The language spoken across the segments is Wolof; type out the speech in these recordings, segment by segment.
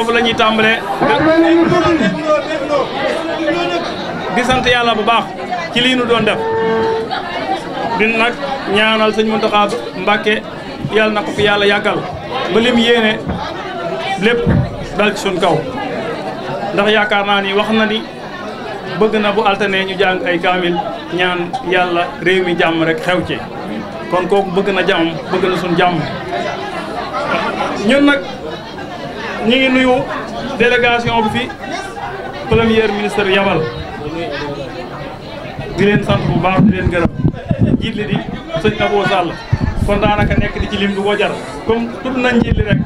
foofu la ñuy tàmbalee di sant yàlla bu baax ci lii doon def din nag ñaanal sëñ Muntaxa Mbàkke yàlla na ko yàlla yàggal ba lim yéene lépp dal ci suñ kaw ndax yaakaar naa ni wax na ni bëgg na bu altanee ñu jàng ay kaamil ñaan yàlla réew mi jàmm rek xew ci kon kooku bëgg na jàmm bëgg na suñ ñun nag ñi ngi nuyu délégation bi fi premier ministre yabal di leen sant bu baax di leen gërëm njiit li di sëñ Abou Sall kon daanaka nekk di ci lim du ko jar comme tudd na njiit rek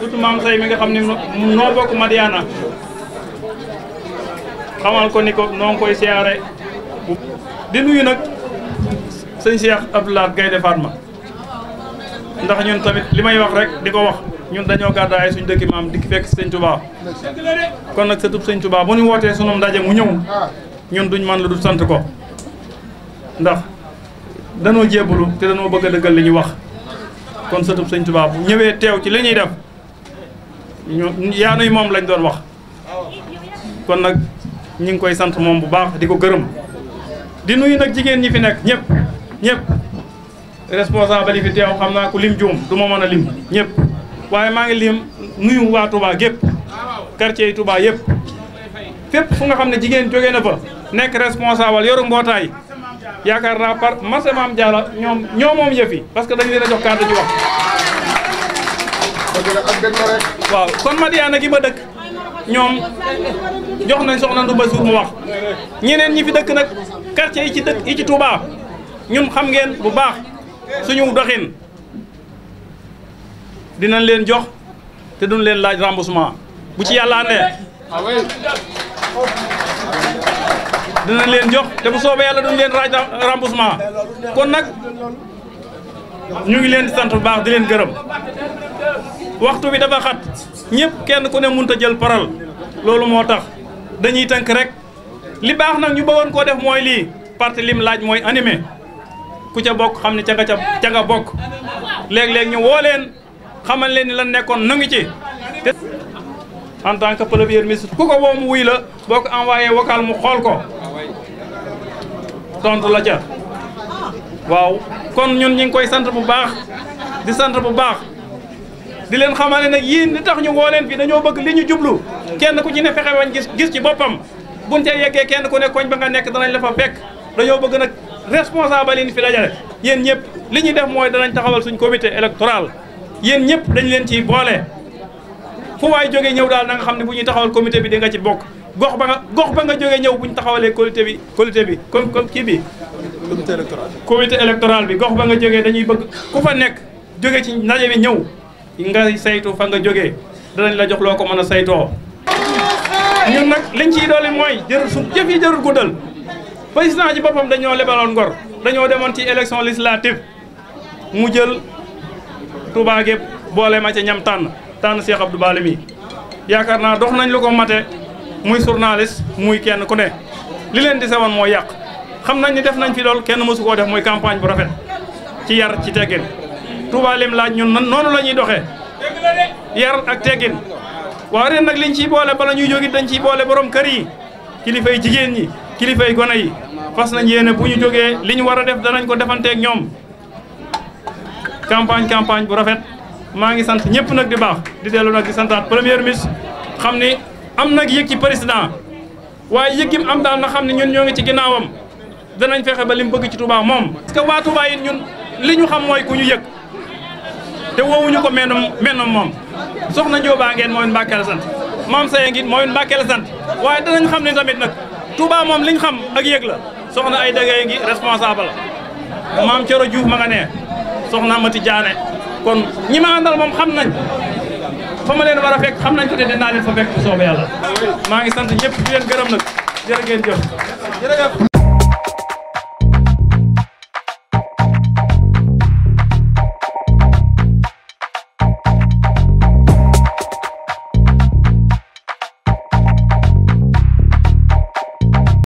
tudd maam say mi nga xam ne noo bokk Madiana xamal ko ni ko noo koy siyaare di nuyu nag sëñ Cheikh Abdoulaye Gaynde Fatma ndax ñun tamit li may wax rek di ko wax ñun dañoo suñ suñu dëkki maam dikk fekk sëñ Touba kon nag sëtub sëñ Touba bu ñu wootee sunum ndaje mu ñëw ñun duñ man la dul sant ko ndax danoo jébbalu te danoo bëgg a dëggal wax kon sëtub sëñ Touba bu ñëwee teew ci li ñuy def ñu yaanuy moom lañ doon wax kon nag ñu ngi koy sant moom bu baax di ko gërëm di nuyu nag jigéen ñi fi nekk ñëpp ñëpp responsable yi fi teew xam naa ku lim juum du ma mën a lim ñëpp waye ma ngi lim nuyu wa Touba gep quartier Touba yep fep fu nga xamne jigen joge na fa nek responsable yoru mbotay yakar na par marché Maam Jaara ñoom ñom moom yëf yi parce que dañu leena a jox carte ci wax. waaw kon Madiana gi ma dekk ñom jox nañ soxna Ndu Basuur mu wax ñeneen ñi fi dekk nak quartier yi ci dekk yi ci Touba ñum xam ngeen bu baax suñu doxine dinañ leen jox te duñ leen laaj remboursement bu ci yàlla andee dinañ leen jox te bu soobee yàlla duñ leen laaj remboursement kon nag ñu ngi leen sant bu baax di leen gërëm waxtu bi dafa xat ñëpp kenn ku ne mënut a jël paral loolu moo tax dañuy tënk rek li baax nag ñu bëggoon koo def mooy lii parti lim laaj mooy animé ku ca bokk xam ne ca nga ca ca nga bokk léeg-léeg ñu woo leen. xamal leen ni lan nekkoon nangu ci en tant que premier ministre ku ko woo wuy la boo ko envoyé vocal mu xool ko tontu la ca waaw kon ñun ñu koy sant bu baax di sant bu baax di leen xamale nag yéen li tax ñu woo leen fii dañoo bëgg li ñu jublu kenn ku ci ne fexe wañ gis gis ci boppam buñ ca yeggee kenn ku ne koñ ba nga nekk danañ la fa fekk dañoo bëgg nag responsable yi fi dajale yéen ñëpp li ñuy def mooy danañ taxawal suñ comité électoral yéen ñëpp dañ leen ci boole fu waay jógee ñëw daal na nga xam ne bu ñuy taxawal comité bi di nga ci bokk gox ba nga gox ba nga jógee ñëw bu ñu taxawalee comité bi comité bi comme comme kii bi. comité électoral bi bi gox ba nga jógee dañuy bëgg ku fa nekk jóge ci ndaje bi ñëw nga saytu fa nga jógee danañ la jox loo ko mën a saytoo. ñun nag liñ ciy doole mooy jërul su jëf yi jërul guddal président ji boppam dañoo lebaloon ngor dañoo demoon ci élection législative mu jël. Touba boole ma ca ñam tànn tànn Cheikh Abdou Bale mi yaakaar naa dox nañ lu ko mate muy journaliste muy kenn ku ne li leen di sawan moo yàq xam nañ ni def nañ fi lool kenn mësu koo def muy campagne bu rafet ci yar ci teggin Touba lim laaj ñun noonu la ñuy doxee yar ak teggin waaw ren nag liñ ciy boole bala ñuy jógit dañ ci boole borom kër yi kilifay jigéen ñi kilifay gone yi fas nañ yéene bu ñu jógee li ñu war a def danañ ko defanteeg ñoom campagne campagne bu rafet maa ngi sant ñëpp nag di baax di dellu nag di santaat premier mis xam ni am nag yëg ci président waaye yëg gim am daal na xam ne ñun ñoo ngi ci ginnaawam danañ fexe ba li mu bëgg ci Touba moom. parce que waa Touba yi ñun li ñu xam mooy ku ñu yëg te woowuñu ko mennum mennum moom soxna Njóobaa ngeen mooy Mbàkke la maam Seye ngeen mooy Mbàkke sant waaye danañ xam ne tamit nag Touba moom li ñu xam ak yëg la soxna ay dëgg responsable la maam Thioro Diouf ma nga soxna Mati Diané kon ñi ma àndal moom xam nañ fa ma leen war a fekk xam nañ ko te dinaa leen fa fekk bu soobee yàlla maa ngi sant ñëpp di leen gërëm nag jërë ngeen jëf jërëjëf